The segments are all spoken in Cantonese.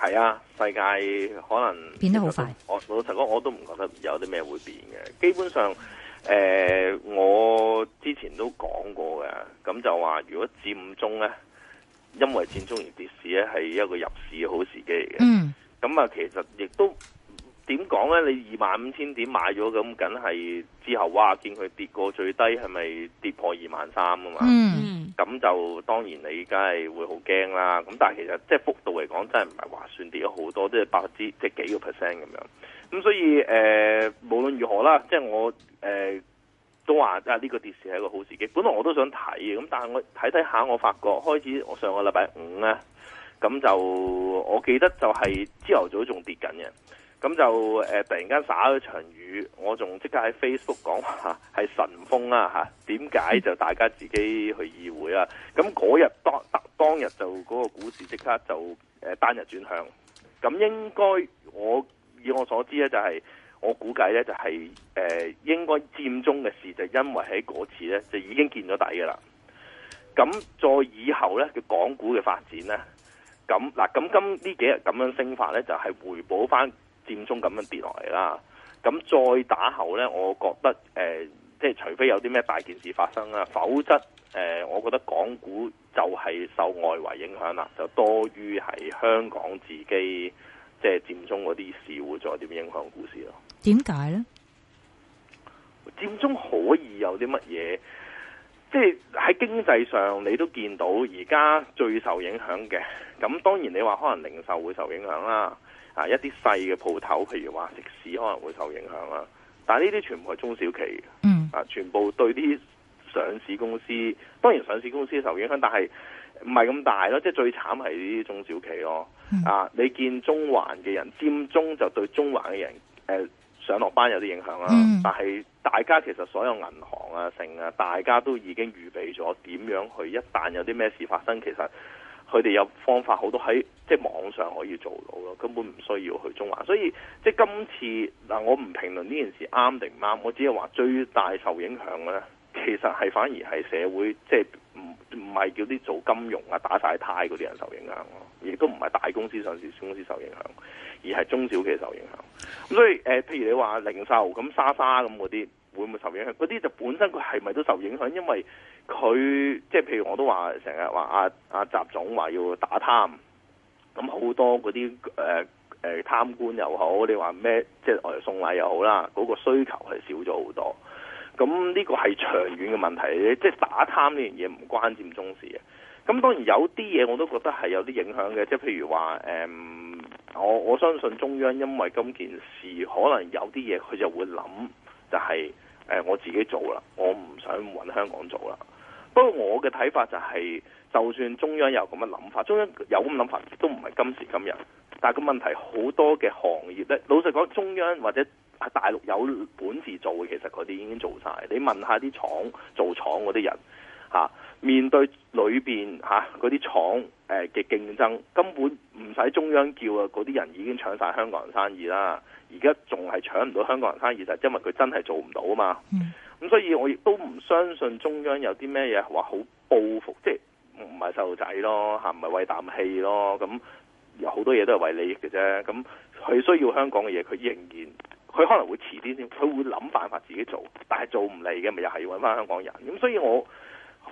係啊，世界可能變得好快。我老實講，我都唔覺得有啲咩會變嘅。基本上，誒、呃，我之前都講過嘅，咁就話如果佔中咧，因為佔中而跌市咧，係一個入市嘅好時機嚟嘅。嗯，咁啊，其實亦都。點講呢？你二萬五千點買咗咁，梗係之後哇，見佢跌過最低，係咪跌破二萬三啊？嘛，咁、mm hmm. 就當然你梗係會好驚啦。咁但係其實即係幅度嚟講，真係唔係話算，跌咗好多，即係百分之即係幾個 percent 咁樣。咁所以誒、呃，無論如何啦，即係我誒、呃、都話啊，呢個跌市係一個好時機。本來我都想睇嘅，咁但係我睇睇下，我發覺開始我上個禮拜五呢，咁就我記得就係朝頭早仲跌緊嘅。咁就誒、呃，突然間灑咗場雨，我仲即刻喺 Facebook 講係、啊、神風啊吓，點解就大家自己去議會啊？咁嗰日當當日就嗰、那個股市即刻就誒、呃、單日轉向。咁應該我以我所知咧，就係、是、我估計咧，就係、是、誒、呃、應該佔中嘅事，就是、因為喺嗰次咧就已經見咗底噶啦。咁再以後咧佢港股嘅發展咧，咁嗱咁今呢幾日咁樣升法咧，就係、是、回補翻佔中咁樣跌落嚟啦，咁再打後呢，我覺得誒、呃，即係除非有啲咩大件事發生啦，否則誒、呃，我覺得港股就係受外圍影響啦，就多於係香港自己即係佔中嗰啲事會再點影響股市咯。點解呢？佔中可以有啲乜嘢？即係喺經濟上，你都見到而家最受影響嘅。咁當然你話可能零售會受影響啦。啊，一啲細嘅鋪頭，譬如話食肆可能會受影響啦。但係呢啲全部係中小企，嗯，mm. 啊，全部對啲上市公司，當然上市公司受影響，但係唔係咁大咯。即係最慘係呢啲中小企咯。啊，mm. 啊，你見中環嘅人佔中就對中環嘅人，誒、呃、上落班有啲影響啦。Mm. 但係大家其實所有銀行啊、成啊，大家都已經預備咗點樣去，一旦有啲咩事發生，其實。佢哋有方法好多喺即係網上可以做到咯，根本唔需要去中環。所以即係今次嗱，我唔評論呢件事啱定唔啱，我只係話最大受影響咧，其實係反而係社會即係唔唔係叫啲做金融啊打晒呔嗰啲人受影響，亦都唔係大公司上市公司受影響，而係中小企受影響。所以誒、呃，譬如你話零售咁莎莎咁嗰啲。會唔會受影響？嗰啲就本身佢係咪都受影響？因為佢即係譬如我都話成日話阿阿習總話要打貪，咁好多嗰啲誒誒貪官又好，你話咩即係外遊送禮又好啦，嗰個需求係少咗好多。咁呢個係長遠嘅問題，即係打貪呢樣嘢唔關佔中事嘅。咁當然有啲嘢我都覺得係有啲影響嘅，即係譬如話誒、嗯，我我相信中央因為今件事可能有啲嘢佢就會諗。就係我自己做啦，我唔想揾香港做啦。不過我嘅睇法就係、是，就算中央有咁嘅諗法，中央有咁諗法都唔係今時今日。但係個問題好多嘅行業咧，老實講，中央或者喺大陸有本事做嘅，其實嗰啲已經做晒。你問下啲廠做廠嗰啲人。吓，面對裏邊吓嗰啲廠誒嘅競爭，根本唔使中央叫啊，嗰啲人已經搶晒香港人生意啦。而家仲係搶唔到香港人生意，就係、是、因為佢真係做唔到啊嘛。咁、嗯、所以我亦都唔相信中央有啲咩嘢話好報復，即係唔係細路仔咯，吓唔係為啖氣咯，咁有好多嘢都係為利益嘅啫。咁佢需要香港嘅嘢，佢仍然佢可能會遲啲先，佢會諗辦法自己做，但係做唔嚟嘅，咪又係要搵翻香港人。咁所以我。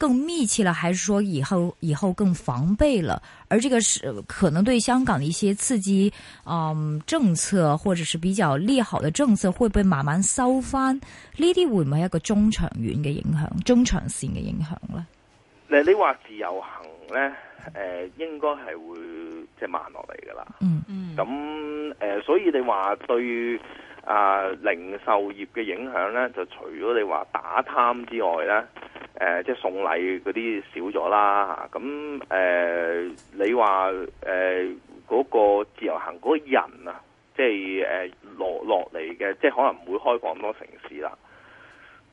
更密切了，還是說以後以後更防備了？而這個是可能對香港的一些刺激，嗯，政策或者是比較利好的政策，會不會慢慢收翻？呢啲會唔會係一個中長遠嘅影響、中長線嘅影響咧？你話自由行咧，誒、呃，應該係會即係慢落嚟噶啦。嗯嗯。咁誒、呃，所以你話對啊、呃、零售業嘅影響咧，就除咗你話打貪之外咧。誒、呃，即係送禮嗰啲少咗啦吓，咁誒、呃，你話誒嗰個自由行嗰人啊，即係誒落落嚟嘅，即係可能唔會開放咁多城市啦。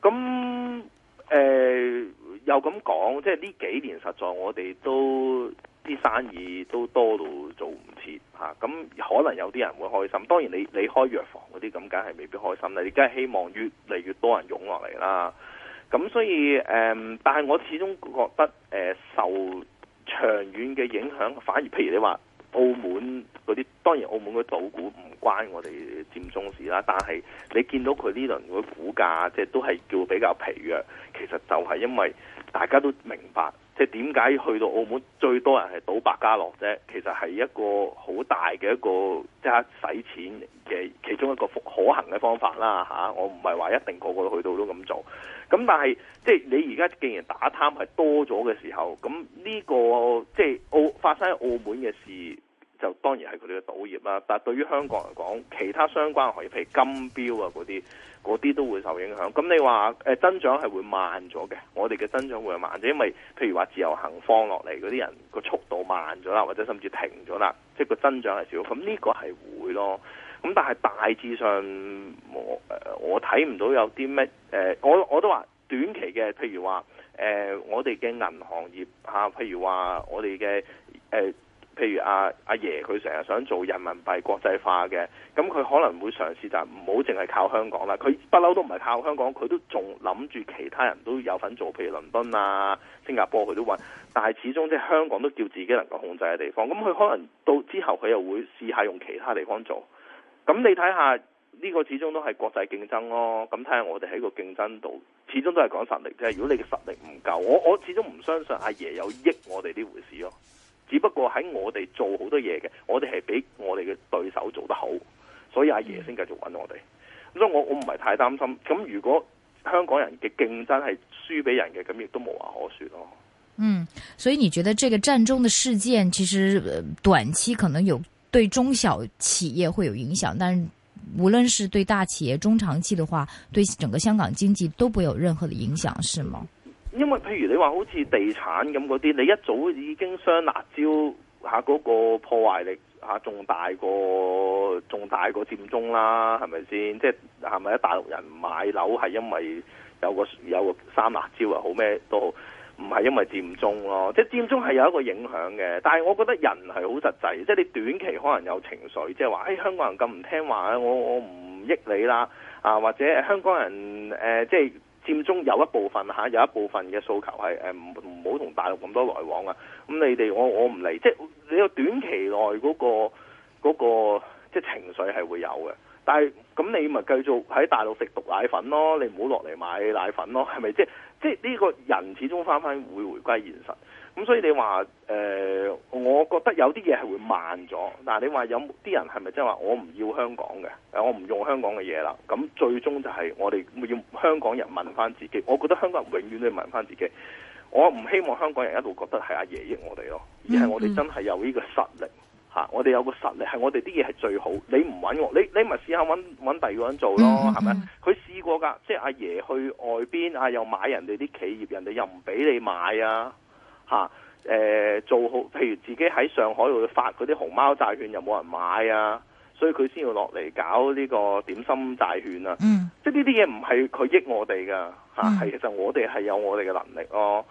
咁誒、呃、又咁講，即係呢幾年實在我哋都啲生意都多到做唔切吓，咁、啊、可能有啲人會開心。當然你你開藥房嗰啲咁，梗係未必開心啦，你梗係希望越嚟越多人湧落嚟啦。咁所以誒、嗯，但係我始終覺得誒、呃、受長遠嘅影響，反而譬如你話澳門嗰啲，當然澳門嘅賭股唔關我哋佔中事啦，但係你見到佢呢輪嘅股價，即係都係叫比較疲弱，其實就係因為大家都明白。即係點解去到澳門最多人係賭百家樂啫？其實係一個好大嘅一個即刻使錢嘅其中一個可行嘅方法啦，嚇！我唔係話一定個個去到都咁做，咁但係即係你而家既然打貪係多咗嘅時候，咁呢個即係澳發生喺澳門嘅事。就當然係佢哋嘅賭業啦，但係對於香港嚟講，其他相關行業，譬如金標啊嗰啲，嗰啲都會受影響。咁你話誒、呃、增長係會慢咗嘅，我哋嘅增長會慢咗，因為譬如話自由行放落嚟嗰啲人個速度慢咗啦，或者甚至停咗啦，即係個增長係少。咁呢個係會咯。咁但係大致上我我睇唔到有啲咩誒，我我都話短期嘅，譬如話誒、呃、我哋嘅銀行業嚇、啊，譬如話我哋嘅誒。呃譬如阿、啊、阿、啊、爺佢成日想做人民幣國際化嘅，咁佢可能會嘗試，就唔好淨係靠香港啦。佢不嬲都唔係靠香港，佢都仲諗住其他人都有份做，譬如倫敦啊、新加坡佢都揾。但係始終即係香港都叫自己能夠控制嘅地方。咁佢可能到之後，佢又會試下用其他地方做。咁你睇下呢、這個始終都係國際競爭咯。咁睇下我哋喺個競爭度，始終都係講實力。即係，如果你嘅實力唔夠，我我始終唔相信阿、啊、爺有益我哋呢回事咯。只不過喺我哋做好多嘢嘅，我哋係比我哋嘅對手做得好，所以阿爺先繼續揾我哋。所以我我唔係太擔心。咁如果香港人嘅競爭係輸俾人嘅，咁亦都冇話可說咯。嗯，所以你覺得這個佔中的事件，其實短期可能有對中小企業會有影響，但無論是對大企業，中長期的話，對整個香港經濟都不會有任何的影響，是嗎？因為譬如你話好似地產咁嗰啲，你一早已經雙辣招嚇嗰個破壞力嚇仲大過仲大過佔中啦，係咪先？即係係咪喺大陸人買樓係因為有個有個三辣招啊，好咩都？唔係因為佔中咯，即係佔中係有一個影響嘅。但係我覺得人係好實際，即係你短期可能有情緒，即係話誒香港人咁唔聽話咧，我我唔益你啦啊，或者香港人誒即係。呃就是佔中有一部分吓，有一部分嘅訴求係誒唔唔好同大陸咁多來往啊，咁你哋我我唔理，即係你個短期內嗰個嗰個即係情緒係會有嘅，但係咁你咪繼續喺大陸食毒奶粉咯，你唔好落嚟買奶粉咯，係咪即係即係呢個人始終翻翻會回歸現實。咁、嗯、所以你話誒、呃，我覺得有啲嘢係會慢咗。但你話有啲人係咪真係話，我唔要香港嘅，我唔用香港嘅嘢啦。咁最終就係我哋要香港人問翻自己。我覺得香港人永遠都要問翻自己。我唔希望香港人一路覺得係阿爺益我哋咯，而係我哋真係有呢個實力吓、嗯嗯啊，我哋有個實力係我哋啲嘢係最好。你唔揾我，你你咪試下揾揾第二個人做咯，係咪、嗯嗯嗯？佢試過噶，即係阿爺去外邊啊，又買人哋啲企業，人哋又唔俾你買啊。吓、啊呃，做好，譬如自己喺上海度發嗰啲熊貓債券又冇人買啊，所以佢先要落嚟搞呢個點心債券啊。嗯，mm. 即係呢啲嘢唔係佢益我哋噶，係、啊、其實我哋係有我哋嘅能力咯。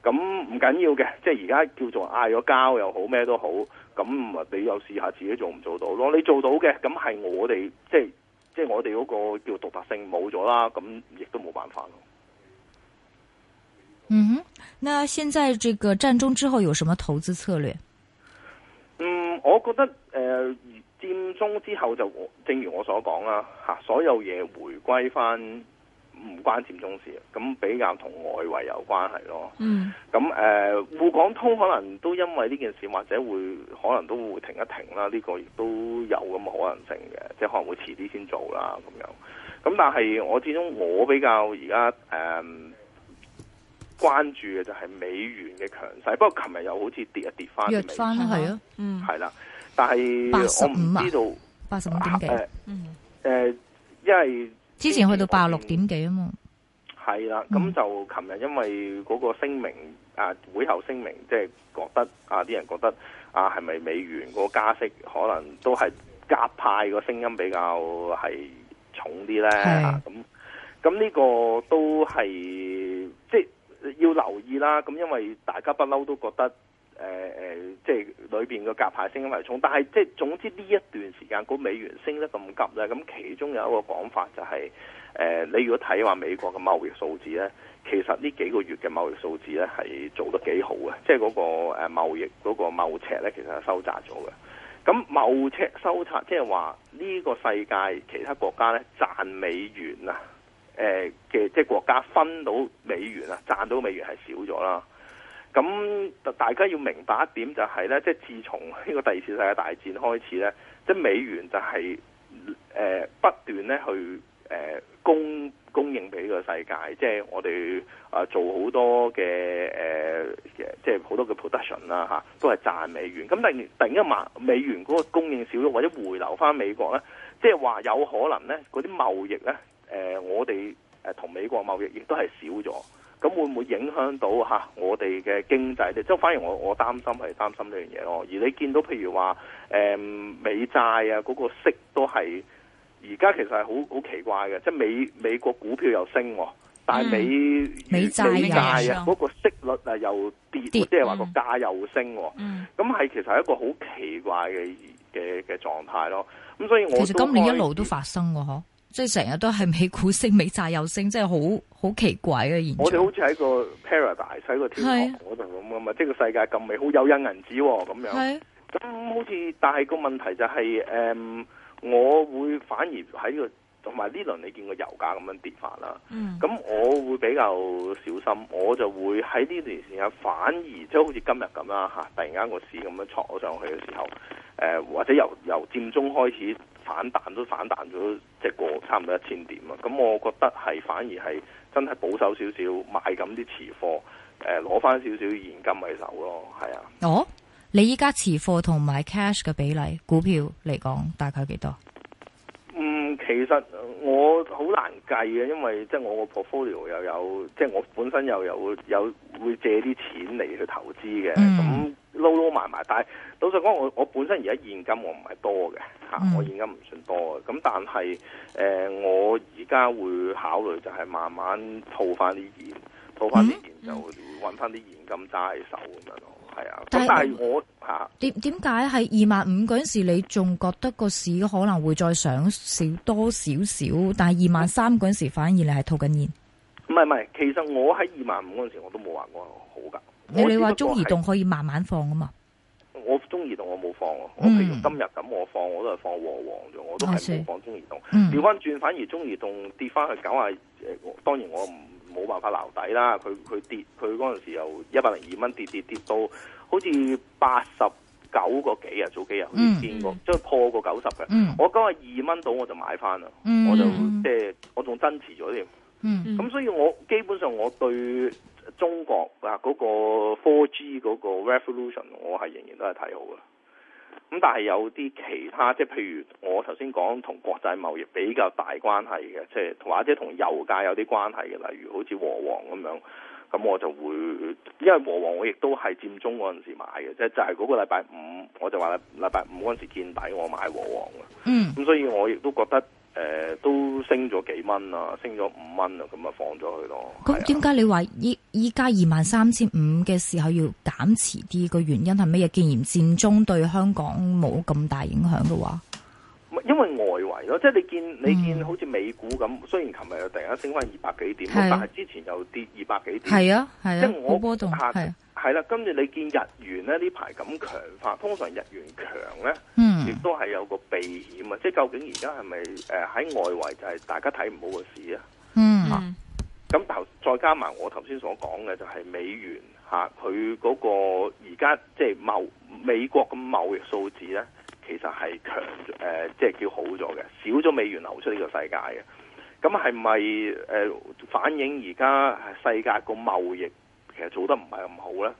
咁唔緊要嘅，即係而家叫做嗌咗交又好咩都好，咁唔係你又試下自己做唔做到咯？你做到嘅，咁係我哋即係即係我哋嗰個叫獨特性冇咗啦，咁亦都冇辦法咯。嗯哼，那現在這個佔中之後有什麼投資策略？嗯，我覺得誒，占中之後就正如我所講啦，吓，所有嘢回歸翻唔關占中事，咁比較同外圍有關係咯。嗯，咁誒，滬港通可能都因為呢件事，或者會可能都會停一停啦，呢個亦都有咁嘅可能性嘅，即係可能會遲啲先做啦咁樣。咁但係我始終我比較而家誒。呃關注嘅就係美元嘅強勢，不過琴日又好似跌，了跌了一跌翻，弱翻係咯，嗯，係啦了，嗯、但係我唔知道八十、啊、八十五點幾，啊呃、嗯，誒，因為前之前去到八六點幾啊嘛，係啦，咁就琴日因為嗰個聲明、嗯、啊，會後聲明，即、就、係、是、覺得啊，啲人覺得啊，係咪美元個加息可能都係夾派個聲音比較係重啲咧？咁咁呢個都係即係。要留意啦，咁因為大家不嬲都覺得誒誒、呃，即係裏邊個夾牌聲音嚟重，但係，即係總之呢一段時間個美元升得咁急咧，咁其中有一個講法就係、是，誒、呃，你如果睇話美國嘅貿易數字咧，其實呢幾個月嘅貿易數字咧係做得幾好嘅，即係嗰個誒貿易嗰個貿赤咧其實係收窄咗嘅。咁貿赤收窄，即係話呢個世界其他國家咧賺美元啊！誒嘅、呃、即係國家分到美元啊，賺到美元係少咗啦。咁大家要明白一點就係、是、呢，即係自從呢個第二次世界大戰開始呢，即係美元就係、是、誒、呃、不斷咧去誒、呃、供供應俾呢個世界，即係我哋啊做好多嘅誒、呃，即係好多嘅 production 啦嚇，都係賺美元。咁突然間美元嗰個供應少咗或者回流返美國呢，即係話有可能呢嗰啲貿易呢。誒、呃，我哋誒同美國貿易亦都係少咗，咁會唔會影響到吓我哋嘅經濟咧？即係反而我我擔心係擔心呢樣嘢咯。而你見到譬如話誒、呃、美債啊，嗰、嗰個息都係而家其實係好好奇怪嘅，即係美美國股票又升，但係美、嗯、美債債啊嗰、嗰個息率啊又跌，即係話個價又升，咁係、嗯、其實係一個好奇怪嘅嘅嘅狀態咯。咁所以我其實今年一路都發生嘅嗬。即係成日都係美股升美債又升，即係好好奇怪嘅現象。我哋好似喺個 paradise 喺個天堂嗰度咁，咁是啊樣，即係個世界咁美好又有有銀紙咁樣。咁是、啊嗯、好似，但係個問題就係、是，誒、嗯，我會反而喺、這個同埋呢輪你見過油價咁樣跌法啦。咁、嗯、我會比較小心，我就會喺呢段時間，反而即係好似今日咁啦，吓、啊、突然間個市咁樣挫咗上去嘅時候，誒、呃，或者由由佔中開始。反彈都反彈咗，即係過差唔多一千點啊！咁我覺得係反而係真係保守少少，買緊啲持貨，誒攞翻少少現金喺手咯，係啊！我、哦、你依家持貨同買 cash 嘅比例，股票嚟講大概幾多？嗯，其實我好難計嘅，因為即係、就是、我個 portfolio 又有，即、就、係、是、我本身又有有會借啲錢嚟去投資嘅，咁、嗯。撈撈埋埋，但係老實講，我我本身而家現金我唔係多嘅吓、嗯、呃，我現金唔算多嘅。咁但係誒，我而家會考慮就係慢慢套翻啲錢，套翻啲錢就會揾翻啲現金揸喺、嗯、手咁樣咯。係啊，但係我吓點，點解喺二萬五嗰陣時你仲覺得個市可能會再上少多少少？但係二萬三嗰陣時反而你係套緊錢？唔係，唔係，其實我喺二萬五嗰陣時我都冇話我好噶。你你話中移動可以慢慢放啊嘛？我中移動我冇放啊，嗯、我譬如今日咁我放，我都係放旺旺啫，我都係冇放中移動。調翻轉反而中移動跌翻去九啊。當然我唔冇辦法留底啦。佢佢跌，佢嗰陣時由一百零二蚊跌跌跌到好似八十九個幾啊，早幾日好似見過，嗯、即係破過九十嘅。嗯、我九啊二蚊到我就買翻啦、嗯，我就即係我仲增持咗添。咁、嗯嗯、所以我基本上我對。中國啊，嗰個 4G 嗰個 revolution，我係仍然都係睇好嘅。咁但係有啲其他，即係譬如我頭先講同國際貿易比較大關係嘅，即係或者同油價有啲關係嘅，例如好似和黃咁樣，咁我就會因為和黃我亦都係佔中嗰陣時買嘅，即係就係、是、嗰個禮拜五，我就話禮拜五嗰陣時見底，我買和黃嘅。嗯，咁所以我亦都覺得。誒、呃，都升咗幾蚊啊，升咗五蚊啊，咁啊放咗佢咯。咁點解你話依依家二萬三千五嘅時候要減持啲？個原因係乜嘢？既然佔中對香港冇咁大影響嘅話，因為外圍咯，即係你見你見好似美股咁，嗯、雖然琴日突然間升翻二百幾點，是啊、但係之前又跌二百幾點，係啊係啊，啊即係我波動大。係啦，跟住你見日元咧呢排咁強化，通常日元強咧，亦都係有個避險啊！即係究竟而家係咪誒喺外圍就係大家睇唔好個事啊？嚇、mm！咁、hmm. 啊、再加埋我頭先所講嘅就係美元佢嗰、啊、個而家即係貿美國嘅貿易數字咧，其實係強誒、呃，即係叫好咗嘅，少咗美元流出呢個世界嘅。咁係咪誒反映而家世界個貿易？做得唔係咁好啦。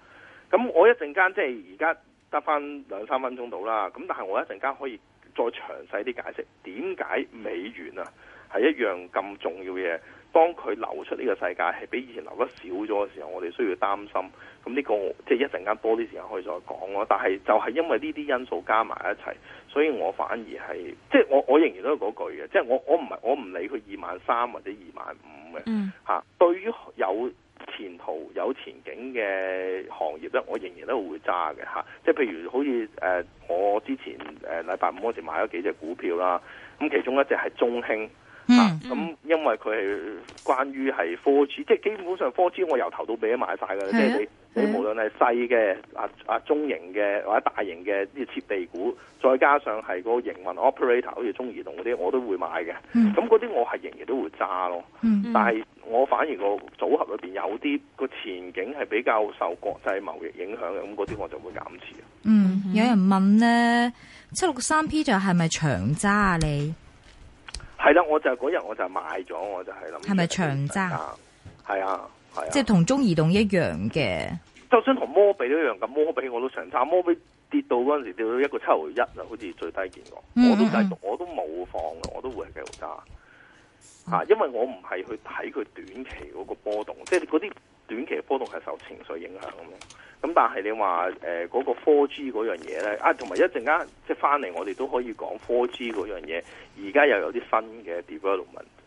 咁我一陣間即係而家得返兩三分鐘到啦，咁但係我一陣間可以再詳細啲解釋點解美元啊，係一樣咁重要嘅嘢，當佢流出呢個世界係比以前流得少咗嘅時候，我哋需要擔心。咁呢個即係一陣間多啲時間可以再講咯。但係就係因為呢啲因素加埋一齊，所以我反而係即係我我仍然都係嗰句嘅，即係我我唔係我唔理佢二萬三或者二萬五嘅，嗯嚇、啊、對於有。前途有前景嘅行業咧，我仍然都會揸嘅嚇。即係譬如好似誒，我之前誒禮拜五嗰時買咗幾隻股票啦，咁其中一隻係中興嚇，咁、嗯、因為佢係關於係科技，即係基本上科技我由頭到尾都買晒㗎，即係你。你無論係細嘅、啊啊中型嘅或者大型嘅啲設備股，再加上係個營運 operator，好似中移動嗰啲，我都會買嘅。咁嗰啲我係仍然都會揸咯。嗯嗯但係我反而個組合裏邊有啲個前景係比較受國際貿易影響嘅，咁嗰啲我就會減持。嗯，有人問咧七六三 P 就係咪長揸啊你？你係啦，我就嗰、是、日我就係買咗，我就係諗。係咪長揸？係啊。係，是啊、即係同中移動一樣嘅，就算同摩比都一樣咁，摩比我都想揸，摩比跌到嗰陣時跌到一個七毫一啦，好似最低見過、嗯嗯嗯，我都繼續，我都冇放、嗯、我都會係繼續揸。啊，因為我唔係去睇佢短期嗰個波動，即係嗰啲短期波動係受情緒影響咁樣。咁但係你話誒個 4G 嗰樣嘢咧，啊，同埋一陣間即係翻嚟，我哋都可以講 4G 嗰樣嘢，而家又有啲新嘅 development。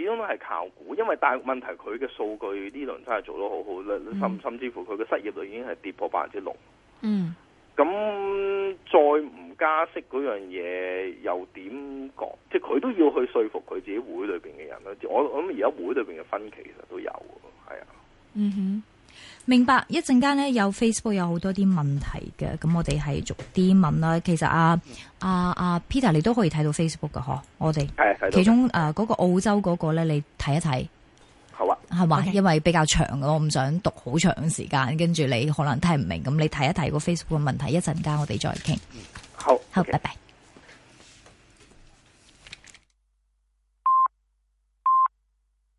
始終都係靠估，因為但係問題，佢嘅數據呢輪真係做得好好咧，甚、嗯、甚至乎佢嘅失業率已經係跌破百分之六。嗯，咁再唔加息嗰樣嘢又點講？即係佢都要去說服佢自己會裏邊嘅人啦。我我諗而家會裏邊嘅分歧其實都有，係啊。嗯哼。明白，一陣間咧有 Facebook 有好多啲問題嘅，咁我哋係逐啲問啦。其實啊、嗯、啊啊 Peter，你都可以睇到 Facebook 嘅嗬，我哋其中啊嗰個澳洲嗰個咧，你睇一睇。好啊。係嘛吧？Okay. 因為比較長嘅，我唔想讀好長時間，跟住你可能睇唔明，咁你睇一睇個 Facebook 嘅問題。一陣間我哋再傾、嗯。好。好，Okay. 拜拜。